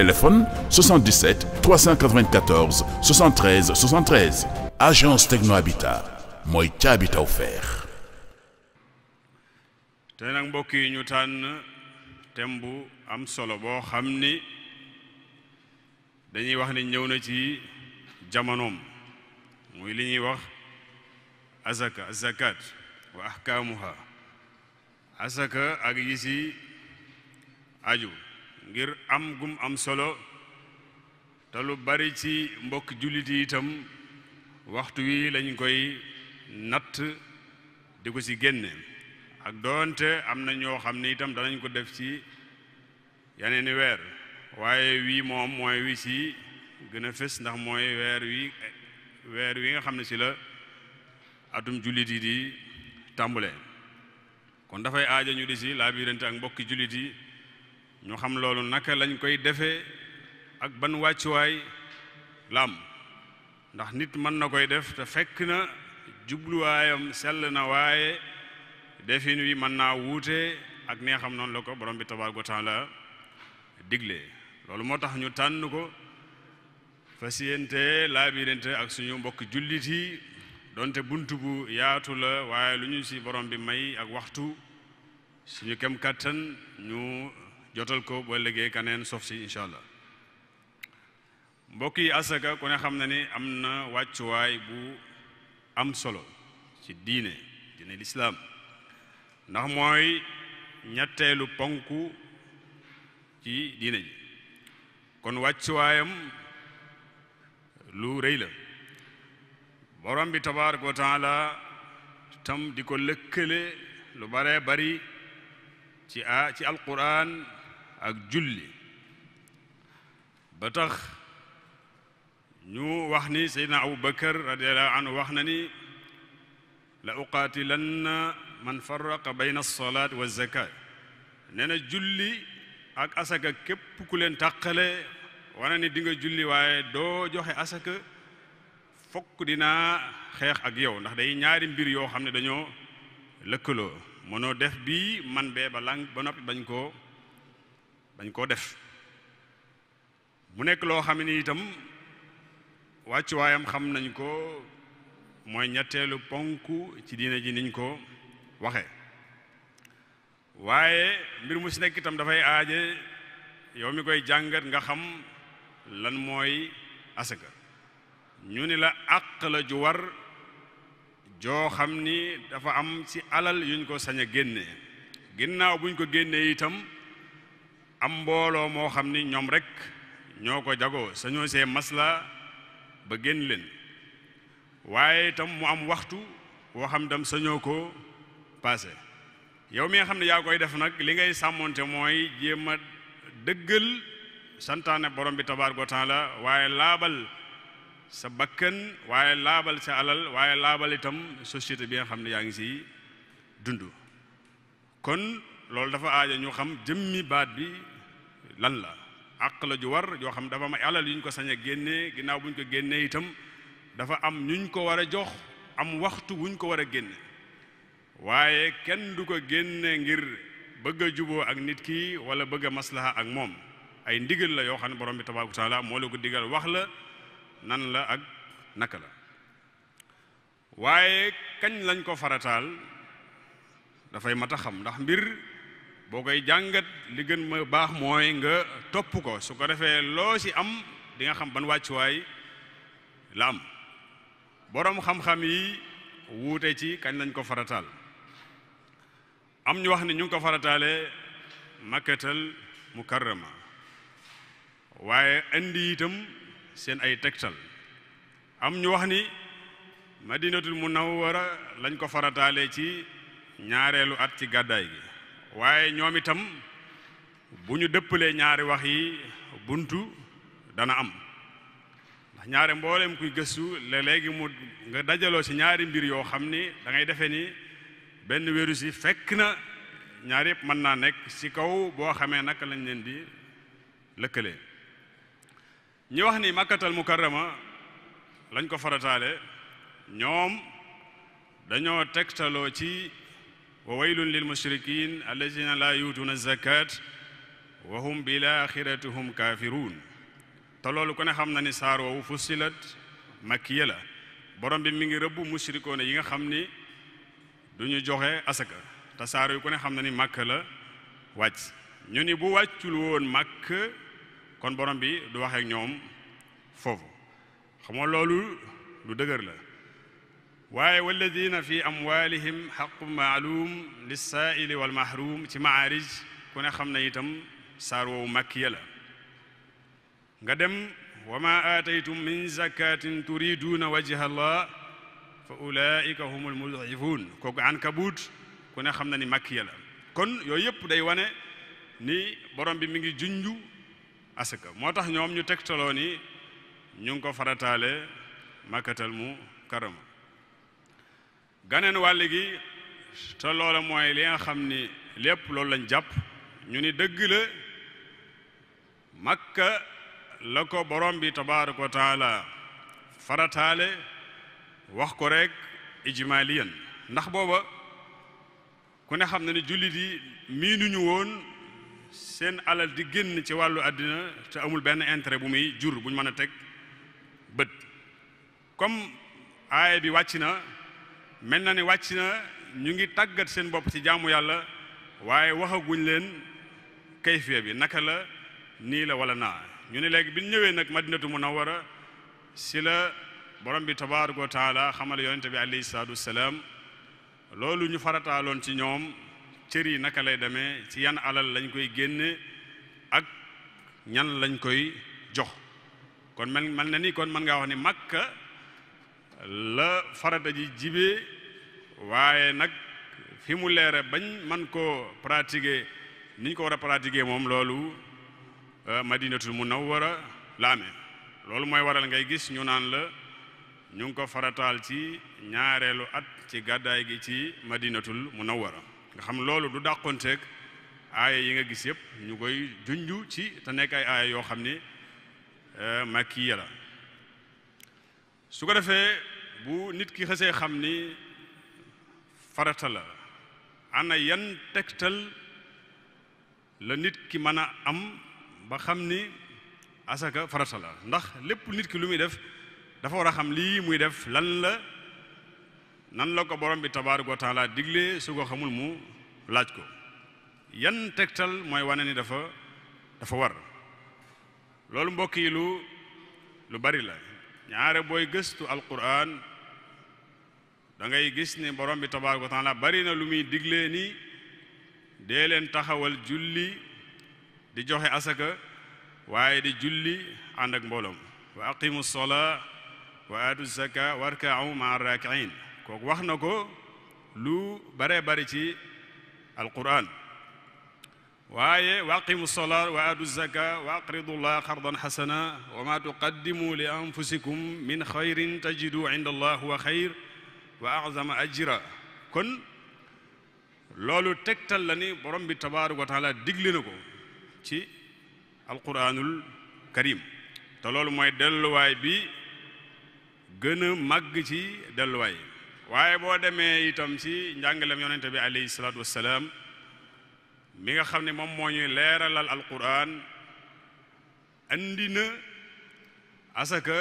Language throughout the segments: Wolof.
téléphone 77 394 73 73 agence Techno Habitat mooy ca Habitat offert. te nag mbokk yi ñu tànn thème bu am solo boo xam ni dañuy wax ni ñëw na ci jamonoom muy li ñuy wax azaka azakat wa ahkaamuha asaka ak yi si aju. ngir am gum am solo te lu bari ci mbokk jullit yi itam waxtu wi lañ koy natt di ko ci génne ak doonte am na ñoo xam ne itam danañ ko def ci yeneeni weer waaye wii moom mooy wi ci gën a fës ndax mooy weer wi weer wi nga xam ne ci la atum jullit yi di tàmbule kon dafay aaja ñu di laabirante ak mbokki jullit yi ñu xam loolu naka lañ koy defee ak ban wàccuwaay la ndax nit mën na koy def te fekk na jubluwaayam sell na waaye defin wi mën naa wuute ak nee xam noonu la ko borom bi tabaaraka wa taala digle loolu moo tax ñu tànn ko fasiyente laabirente ak suñu mbokk jullit yi donte bunt bu yaatu la waaye lu ñu ci borom bi may ak waxtu suñu kem kàttan ñu jotal ko boo liggéey kaneen sof si incha allah mbokk yi asaka ku ne xam na ni am na wàccuwaay bu am solo ci diine diine lislaam ndax mooy ñetteelu ponku ci diine ji kon wàccuwaayam lu rëy la borom bi tabaaraka wa taala tam di ko lëkkale lu bare bari ci a ci alquran ak julli ba tax ñu wax ni seydna abu bakar radiallahu anhu wax na ni la uqaatilanna man farraqa bayna solaat wa zakat nee na julli ak asaka képp ku leen tàqale wana ni dinga julli waaye doo joxe asaka fokk dina xeex ak yow ndax day ñaari mbir yoo xam ne dañoo lëkkaloo mënoo def bii man bee ba lànk ba noppi bañ koo dañ koo def mu nekk loo xam ni itam wàccuwaayam xam nañ ko mooy ñetteelu ponk ci diine ji niñ ko waxe waaye mbir mu ci nekk itam dafay aaje yow mi koy jàngat nga xam lan mooy asaka ñu ni la àq la ju war joo xam ni dafa am ci alal yuñ ko sañ a génnee ginnaaw buñ ko génnee itam am mbooloo moo xam ni ñoom rek ñoo ko jagoo sañoo see masla ba génn leen waaye itam mu am waxtu woo xam tam sañoo ko paase yow mi nga xam ne yaa koy def nag li ngay sàmmonte mooy jéem a dëggal santaane borom bi tabaaraka wa la waaye laabal sa bakkan waaye laabal sa alal waaye laabal itam société bi nga xam ne yaa ngi siy dund kon loolu dafa aaja ñu xam jëmmi baat bi lan la àq la ju war joo xam dafa am ay alal yu ñu ko sañ a génnee ginnaaw bu ñu ko génnee itam dafa am ñuñ ko war a jox am waxtu wuñ ko war a génne waaye kenn du ko génne ngir bëgga juboo ak nit ki wala bëgga a maslaha ak moom ay ndigal la yoo xam ne borom bi tabaaraka taala moo la ko digal wax la nan la ak naka la waaye kañ lañ ko farataal dafay mat a xam ndax mbir boo koy jàngat li gën ma baax mooy nga topp ko su ko defee loo ci am di nga xam ban wàccuwaay la am boroom xam-xam yi wuute ci kañ lañ ko farataal am ñu wax ni ñu ngi ko farataale makkatal mukarrama waaye indi itam seen ay tegtal am ñu wax ni ma madinatul munawwara lañ ko farataale ci ñaareelu at ci gàddaay gi waaye ñoom itam bu ñu dëppalee ñaari wax yi buntu dana am ndax ñaari mboolem kuy gëstu la léegi mu nga dajaloo ci ñaari mbir yoo xam ni dangay defe defee ni benn wéru fekk na ñaar yëpp mën naa nekk ci kaw boo xamee naka lañ leen di lëkkalee ñi wax ni makkatal mukarrama lañ ko farataale ñoom dañoo tegtaloo ci wa waylun lil mushrikin allazina laa yuutuuna zakat wa hum bil axirati hum kaafiruun te loolu ku ne xam na ni saar woowu fussilat makkiya la borom bi mi ngi rëbb mushrikoona yi nga xam ni du ñu joxe asaka te saar yu ku ne xam na ni màkk la wàcc ñu ni bu wàccul woon màkk kon borom bi du waxee ñoom foofu xam nga loolu lu dëgër la waaye walladina fi amwalihim xaqu maalum lissaaili walmahrum ci maarij ku ne xam na itam saar woowu màkkiya la nga dem wa ma aataytum min zakatin turiduuna wajha fa ulaika hum almudcifuun kooku ankabuut ku ne xam na ni màkkiya la kon yooyu yëpp day wane ni borom bi mi ngi junju asaka moo tax ñoom ñu tegtaloo ni ñu ngi ko farataale makkatal mu karama ganeen wàll gi te loola mooy li nga xam ni lépp loolu lañ jàpp ñu ni dëgg la makka la ko borom bi tabaaraka wa taala farataale wax ko rekk rek ijmaaliyan ndax booba ku ne xam na ni jullit yi ñu woon seen alal di génn ci wàllu àddina te amul benn intérêt bu muy jur bu ñu mën a teg bët comme aaya bi wàcc na mel na ni wàcc na ñu ngi tàggat seen bopp ci jaamu yàlla waaye waxaguñ leen kayfiya bi naka la nii la wala naa ñu ne léegi bi ñëwee nag madinatu munawwara si la borom bi tabaaraka wa taala xamal yonente bi alayhi salaatu wasalaam loolu ñu farataaloon ci ñoom cër yi naka lay demee ci yan alal lañ koy génne ak ñan lañ koy jox kon mel mel na ni kon mën ngaa wax ni Makka la farata ji jibee waaye nag fi mu leere bañ man koo pratiquer niñ ko war a pratiquer moom loolu euh, madinatul munawwara la amee loolu mooy waral ngay gis ñu naan la ñu ngi ko farataal ci ñaareelu at ci gàddaay gi ci madinatul mu munawwara nga xam loolu du dàqoon dàqonteeg aaya yi nga gis yëpp ñu koy junj ci te nekkaay ay yoo xam ni euh, makkiya la su ko defee bu nit ki xësee xam ni farata la ana yan tegtal la nit ki mën a am ba xam ni asaka farata ndax lépp nit ki lu muy def dafa war a xam lii muy def lan la nan la ko borom bi tabaaraka wa taala digle su ko xamul mu laaj ko yan tegtal mooy wane ni dafa dafa war loolu mbokk yi lu lu bari la ñaare booy gëstu alquran da ngay gis ni borom bi tabaaraka wa bari na lu muy digle nii dee leen taxawal julli di joxe asaka waaye di julli ànd ak mbooloom wa aqimu sola wa aatu zaka warkau maa raakiin kooku wax na ko lu baree bari ci alquran waaye wa aqimu salaa wa aatu zaka wa aqridullah xardan xasana wa ma li anfusikum min xayrin tajidu inda allah wa xayr wa azama ajra kon loolu tegtal la ni borom bi tabaaraka wa taala digle ci alquranul karim te loolu mooy delluwaay bi gën a màgg ci delluwaay waaye boo demee itam ci njàngalem yonente bi alayhi salaatu wassalaam mi nga xam ne moom moo ñuy leeralal alquran andi na asaka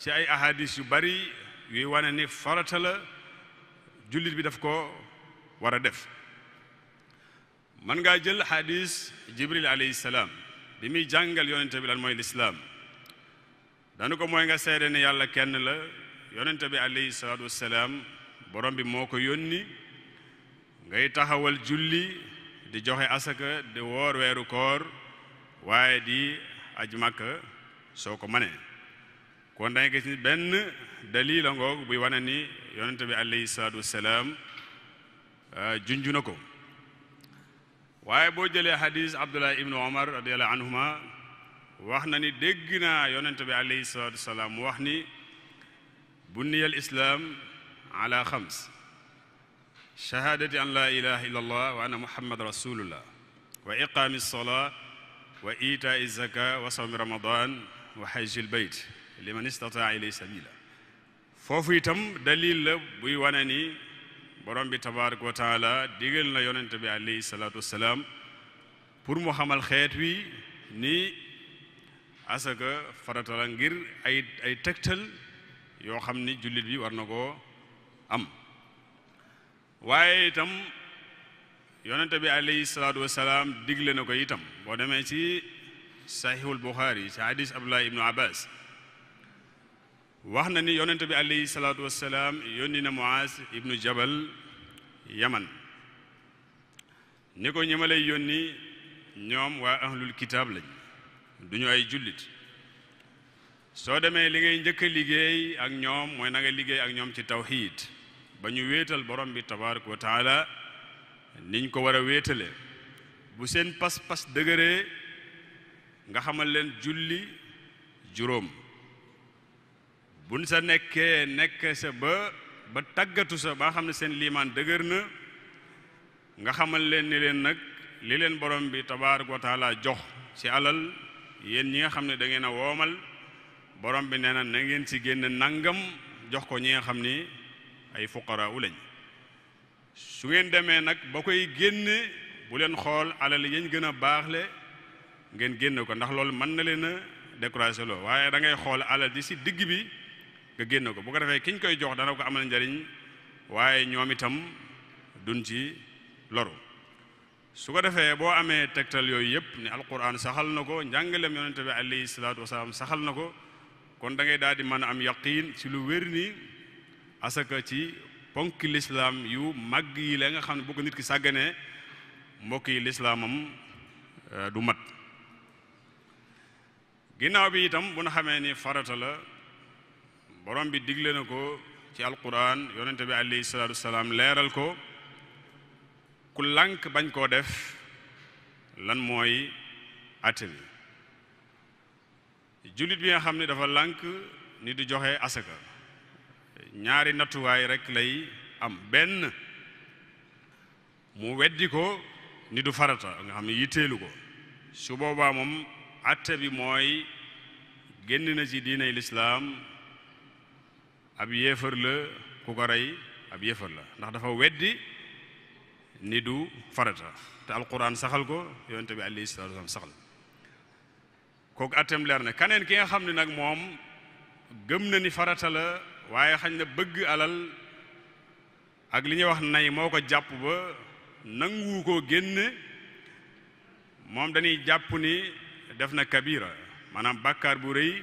ci ay ahadis yu bari yuy wane ni farata la jullit bi daf ko war a def mën ngaa jël hadis jibril alayhi salaam bi muy jàngal yonente bi lan mooy lislaam danu ko mooy nga seede ne yàlla kenn la yonente bi alayhi salaatu wassalaam borom bi moo ko yónni ngay taxawal julli di joxe asaka di woor weeru koor waaye di aj màkka soo ko mënee kon danga gis ni benn dalil ngoog buy wane ni yonente bi alayhi salaatu wassalaam junju na ko waaye boo jëlee hadis abdullah ibnu omar radiallahu anhuma wax na ni dégg naa yonente bi alayhi salaatu wassalaam mu wax ni bunniyal islaam ala xams shahaadati an laa ilaha illa allah wa anna muhammad rasulullah wa iqaami lsolaa wa itaai zaka wa sawmi ramadan wa hajjil bayt liman istataa ilay sabila foofu itam dalil la buy wane ni borom bi tabaraka wa taala digal na yonente bi alayhi salaatu wasalaam pour mu xamal xeet wi ni asaka farata la ngir ay ay tegtal yoo xam ni jullit bi war na koo am waaye itam yonente bi alayhi salaatu wasalaam digle na ko itam boo demee ci saxiixul buxaari ci hadis abdullah ibnu abbas wax na ni yonente bi alayhi salaatu wasalaam yónni na mu muaz ibnu jabal yaman ni ko ñi ma lay yónni ñoom waa ahlul kitaab lañ du ay jullit soo demee li ngay njëkk liggéey ak ñoom mooy na nga liggéey ak ñoom ci tawxiid ba ñu wéetal borom bi tabaraka wa taala niñ ko war a wéetalee bu seen pas-pas dëgëree nga xamal leen julli juróom buñ sa nekkee nekk sa ba tàggatu sa baa xam ne seen liimaan dëgër na nga xamal leen ni leen nag li leen borom bi tabaraka wa jox ci alal yéen ñi nga xam ne da ngeen a woomal borom bi nee na na ngeen ci génn nangam jox ko ñi nga xam ni ay fuqaraa u lañ su ngeen demee nag ba koy génne bu leen xool alal yañ gën a baaxle ngeen génne ko ndax loolu mën na leen a découragé loo waaye da ngay xool alal di si digg bi nga génne ko bu ko defee kiñ koy jox dana ko amal njariñ waaye ñoom itam dun ci loru su ko defee boo amee tegtal yooyu yëpp ne alquran saxal na ko njàngaleem yonente bi alayhi salaatu wasalaam saxal na ko kon da ngay mën am yaqiin ci lu wér ni asaka ci ponk lislaam yu màgg yi la nga xam ne bu ko nit ki sàgganee mbokk yi lislaamam euh, du mat ginnaaw bi itam bu nu xamee ni farata la borom bi digle na ko ci alquran yonente bi alayhi salaatu wasalaam leeral ko ku lànk bañ koo def lan mooy atte bi jullit bi nga xam ne dafa lànk ni di joxe asaka ñaari nattuwaay rekk lay am benn mu weddi ko ni du farata nga xam ne yitteelu ko su boobaa moom atte bi mooy génn na ci diinay lislaam ab yéefar la ku ko rey ab yéefar la ndax dafa weddi ni du farata te alquran saxal ko yonent bi alayhi salaatu wasalaam saxal na kaneen ki nga xam ni nag moom gëm na ni farata la waaye xañ na bëgg alal ak li ñuy wax nay moo ko jàpp ba nanguwu koo génne moom dañuy jàpp ni def na kabira maanaam bàkkaar bu rëy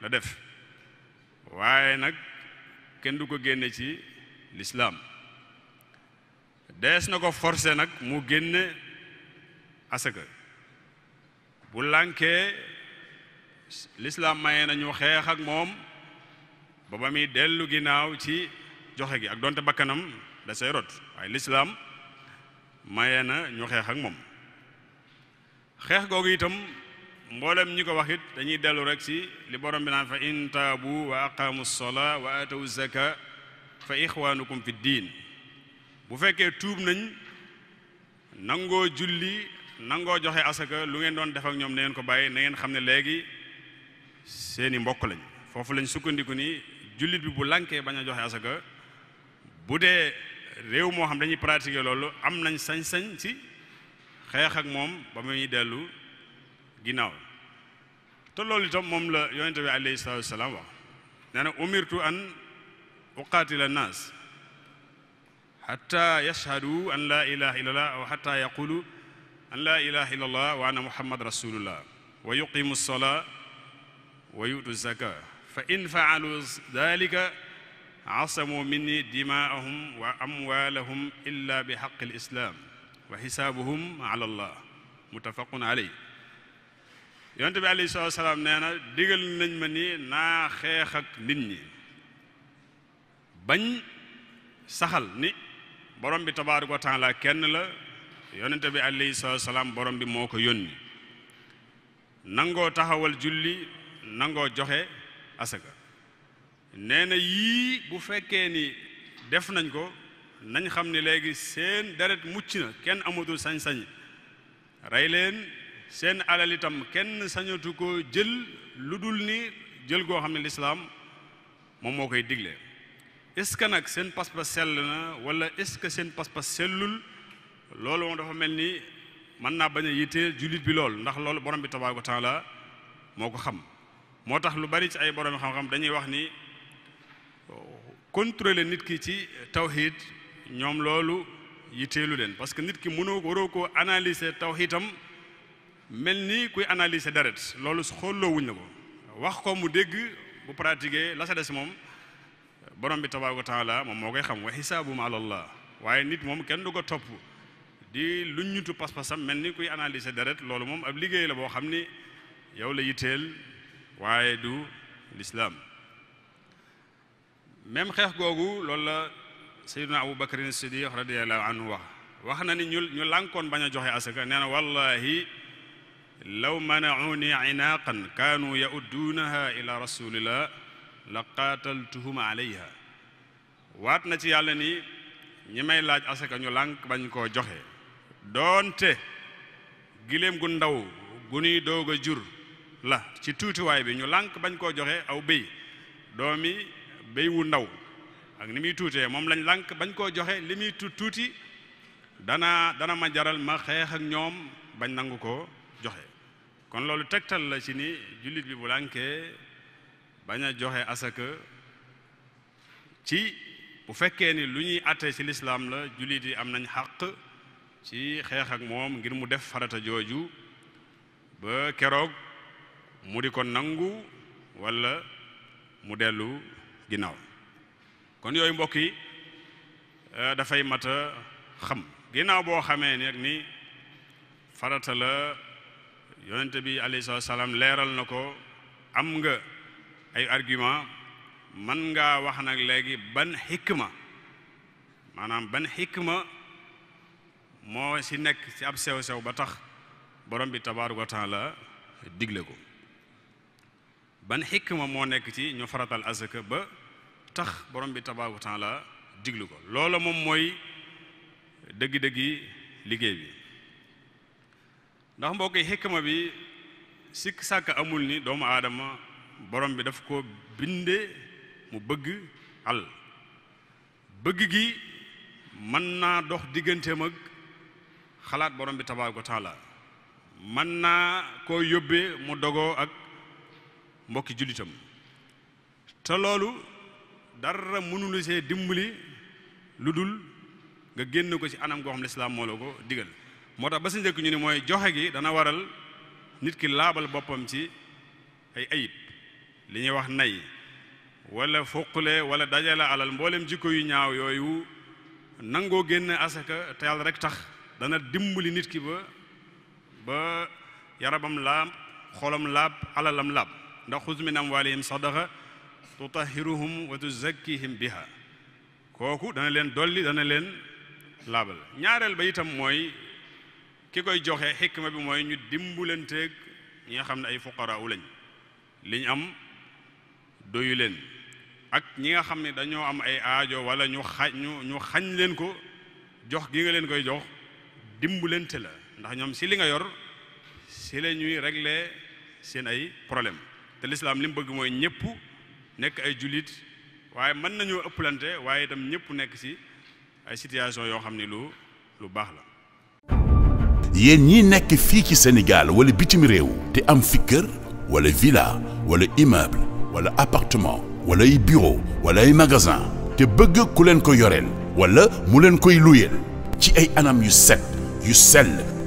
la def waaye nag kenn du ko génne ci lislaam des na ko forcé nag mu génne asaka bu lànkee lislaam maye nañu xeex ak moom ba ba muy dellu ginnaaw ci joxe gi ak donte bakkanam da say rot waaye lislaam maye na ñu xeex ak moom xeex googu itam mboolem ñi ko waxit dañuy dellu rek ci li borom bi naan fa in taabu wa aqaamu sola wa atawu zaka fa ixwaanukum fi diin bu fekkee tuub nañ nangoo julli nangoo joxe asaka lu ngeen doon def ak ñoom na ngeen ko bàyyi na ngeen xam ne léegi seeni mbokk lañ foofu lañ sukkandiku ni jullit bi bu lànkee bañ a joxe asaka bu dee réew moo xam dañuy pratiquer loolu am nañ sañ-sañ ci xeex moom ba muy dellu ginnaaw te loolu itam moom la yonente bi alayhi salatu wax nee na an uqaatila laa ilaha illa allah aw xata allah wa anna muhammad rasulullah wa yuqimu lsolaa wa yutu zaka fa in faalu dalika asamu minni dimaahum wa amwaalahum illa bi xaqi lislaam wa xisaabuhum ala allah mutafaqun aley yonent bi alayhi salaatu salaam nee na digal nañ ma ni naa xeex ak nit ñi bañ saxal ni borom bi tabaaraka wa taala kenn la yonent bi alayhi salaatu salaam borom bi moo ko yónni nangoo taxawal julli nangoo joxe asaka nee na yii bu fekkee ni def nañ ko nañ xam ne léegi seen deret mucc na kenn amatul sañ-sañ rey leen seen alal itam kenn sañatu ko jël lu dul ni jël goo xam ne lislaam moom moo koy digle est-ce que nag seen pas-pas sell na wala est-ce que seen pas sellul loolu moom dafa mel ni mën naa bañ a yitteel jullit bi lool ndax loolu borom bi tabaaraka wa moo ko xam moo tax lu bari ci ay borom xam-xam dañuy wax ni contrôler nit ki ci tawxiid ñoom loolu yitteelu leen parce que nit ki mënoo waroo ko analyser tawxiidam mel ni kuy analyser deret loolu xooloo wuñ la ko wax ko mu dégg bu pratiquer la sa des moom borom bi tabaaraka wa moom moo koy xam wa xisaabum alallah waaye nit moom kenn du ko topp di lu ñutu pas-pasam mel ni kuy analyser deret loolu moom ab liggéey la boo xam ni yow la yitteel waaye du lislaam même xeex googu loolu la sayyiduna abu bakrin siddiq radiallahu anhu wax wax na ni ñu ñu lànkoon bañ a joxe asaka nee na wallahi law manauni inaaqan kaanu ya'udduunaha ila rasulillah la qaataltuhum alayha waat na ci yàlla ni ñi may laaj asaka ñu lànk bañ koo joxe doonte giléem gu ndaw gu nuy doog jur la ci tuutiwaay bi ñu lànk bañ koo joxe aw béy doomi béy wu ndaw ak ni muy tuutee moom lañ lànk bañ koo joxe li muy tuut tuuti dana dana ma jaral ma xeex ak ñoom bañ nangu ko joxe kon loolu tegtal la ci ni jullit bi bu lànkee bañ a joxe asaka ci bu fekkee ni lu ñuy àtte ci lislaam la jullit yi am nañ xàq ci xeex ak moom ngir mu def farata jooju ba keroog mu di ko nangu walla mu dellu ginnaaw kon yooyu mbokk yi eh, dafay mat xam ginnaaw boo xamee nag ni faratala la yonente bi alayhi salaatu salaam leeral na ko am nga ay argument man ngaa wax nag léegi ban xikma maanaam ban xikma moo si nekk ci ab sew-sew ba tax borom bi tabaaraka wa taala digle ko ban xikma moo nekk ci ñu faratal azaka ba tax borom bi tabaaraka wa taala diglu ko loola moom mooy dëggi-dëggi liggéey bi ndax mbokk yi ma bi sikk sàkk amul ni doomu aadama borom bi daf ko binde mu bëgg al bëgg gi mën naa dox digganteem ak xalaat borom bi tabaaraka wa taala mën naa koo yóbbee mu dogoo ak mbokki jullitam te loolu dara mënula see dimbali lu dul nga génn ko ci anam goo xam lislaam moo la ko digal moo tax ba sa njëkk ñu ni mooy joxe gi dana waral nit ki laabal boppam ci ay ayib li ñuy wax nay wala fuqle wala dajale alal mboolem jikko yu ñaaw yooyu nangoo génn asaka te yàlla rek tax dana dimbali nit ki ba ba yaramam laab xolam laab alalam laab ndax xuz min amwaalihim sadaqa tutahhiruhum wa tuzakkihim biha kooku dana leen dolli dana leen laabal ñaareel ba itam mooy ki koy joxe xikma bi mooy ñu dimbulanteeg ñi nga xam ne ay fuqaraaw lañ li ñu am doyu leen ak ñi nga xam ne dañoo am ay aajo wala ñu xañ leen ko jox gi nga leen koy jox dimbulante la ndax ñoom si li nga yor si la ñuy régler seen ay problème te lislaam li mu bëgg mooy ñëpp nekk ay jullit waaye mën nañoo ëpplante waaye itam ñëpp nekk ci ay situation yoo xam ne lu lu baax la yéen ñi nekk fii ci Sénégal wala bitim réew te am fi kër wala villa wala immeuble wala appartement wala ay bureau wala ay magasin te bëgg ku leen ko yoreel wala mu leen koy luyeel ci ay anam yu set yu sell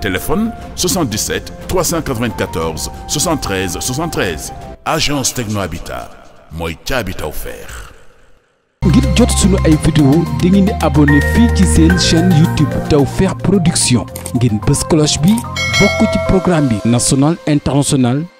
téléphone 77 394 73 73 agence Techno Habitat mooy ca Habitat offert. ngir jot sunu ay vidéo di ngeen di fii ci seen chaîne YouTube Tawfekh Production ngeen bës cloche bi bokk ci programme bi national international.